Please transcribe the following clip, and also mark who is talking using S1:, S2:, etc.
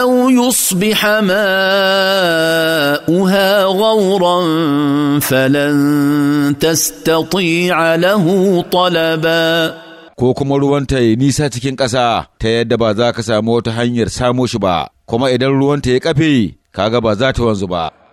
S1: أو يصبح ماؤها غورا
S2: فلن تستطيع له طلبا ko kuma ruwanta ya nisa cikin ƙasa ta yadda ba za ka samu wata hanyar samo shi ba, kuma idan ruwanta ya kafe, kaga ba za ta wanzu ba.